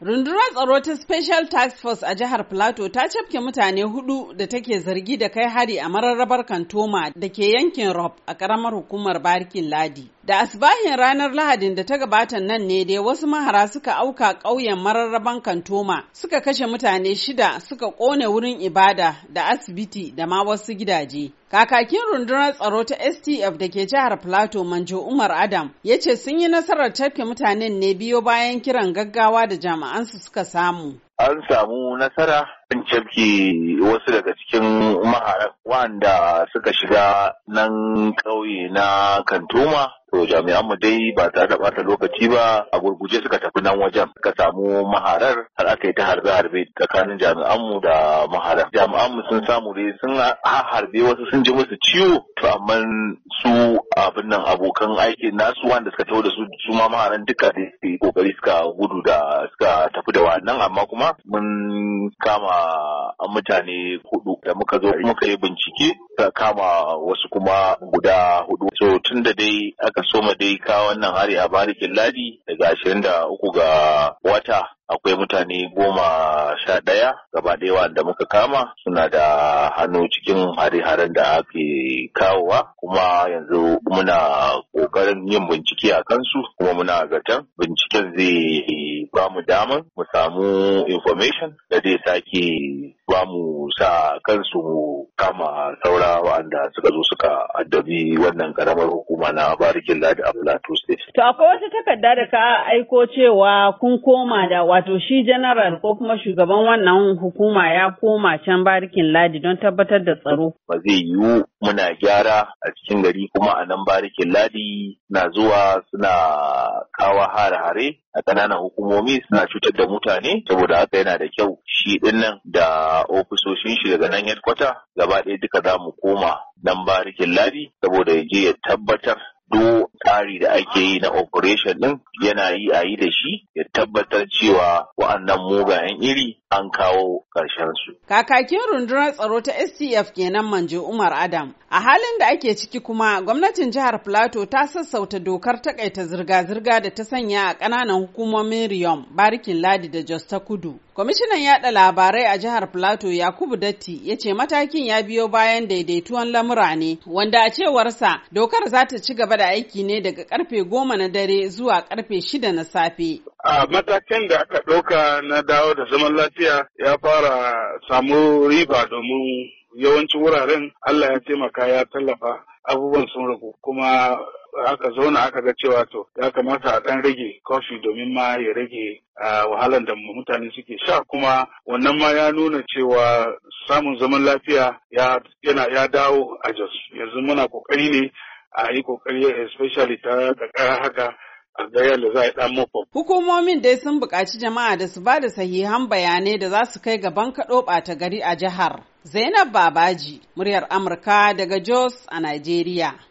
Rundunar tsaro ta Special Task Force a jihar Plateau ta cafke mutane hudu da take zargi da kai hari a mararrabar Kantoma da ke yankin Rob a karamar hukumar Barkin Ladi. Da asibahin ranar Lahadin da ta gabata nan ne dai wasu mahara suka auka ƙauyen mararraban Kantoma suka kashe mutane shida suka ƙone wurin ibada da asibiti da ma wasu gidaje. Kakakin rundunar tsaro ta STF da ke jihar Plateau Manjo Umar Adam ya ce sun yi nasarar tafke mutanen ne biyo bayan kiran gaggawa da jami'ansu suka samu. An samu nasara an cafke wasu daga cikin maharan wanda suka shiga nan ƙauye na Kantoma To jami'an mu dai ba tare da bata lokaci ba a gurguje suka tafi nan wajen Ka samu maharar har aka yi ta harbe harbe tsakanin jami'an mu da maharar. Jami'an mu sun samu dai sun harbe wasu sun ji musu ciwo to amma su abin nan abokan na nasu wanda suka taho da su su ma maharan duka da su kokari suka gudu da suka tafi da wannan amma kuma mun kama mutane hudu da muka zo muka yi bincike ta kama wasu kuma guda hudu. So tun da dai aka soma dai ka wannan hari a barikin ladi daga ashirin da uku ga wata akwai mutane goma sha ɗaya gaba ɗaya da muka kama suna da hannu cikin hare-haren da ake kawowa kuma yanzu muna ƙoƙarin yin bincike a kansu kuma muna zaton binciken zai ba mu daman mu samu information da zai sake ba mu sa kansu mu kama saura wa'anda suka zo suka addabi wannan karamar hukuma na barikin ladi a plateau state. To akwai wata takarda da ka aiko cewa kun koma da wato shi general ko kuma shugaban wannan hukuma ya koma can barikin ladi don tabbatar da tsaro. Ba zai yiwu muna gyara a cikin gari kuma a nan barikin ladi na zuwa suna kawa hare-hare a ƙananan hukumomi suna cutar da mutane saboda haka yana da kyau shi dinnan da ofisoshin shi daga nan headquarter gaba ɗaya duka za mu koma nan barikin ladi saboda ya je ya tabbatar do tsari da ake yi na operation din yana yi a yi da shi ya tabbatar cewa wa'annan mugayen iri an kawo ƙarshen su. Kakakin rundunar tsaro ta STF kenan Manje Umar Adam. A halin da ake ciki kuma gwamnatin jihar Plateau ta sassauta dokar takaita zirga-zirga da ta sanya a ƙananan hukumomin Riyom, Barikin Ladi da Jos ta Kudu. Kwamishinan yada labarai a jihar Plateau Yakubu Datti ya ce matakin ya biyo bayan daidaituwan lamura ne, wanda a cewarsa dokar za ta ci gaba da aiki ne daga karfe goma na dare zuwa karfe shida na safe. a matakin da aka ɗauka na dawo da zaman lafiya ya fara samu riba domin yawancin wuraren Allah ya taimaka ya tallafa abubuwan sun ragu kuma aka zauna aka ga cewa to ya kamata a ɗan rage kofi domin ma ya rage wahalan da mutane suke sha kuma wannan ma ya nuna cewa samun zaman lafiya yana ya dawo a Jos yanzu muna kokari ne a yi kokari especially ta ƙaƙa haka Alzayar da za a dan mako. Hukumomin dai sun buƙaci jama'a da su ba da sahihan bayanai da za su kai gaban kaɗo ɓata gari a jihar. Zainab Babaji, muryar Amurka daga Jos a Najeriya.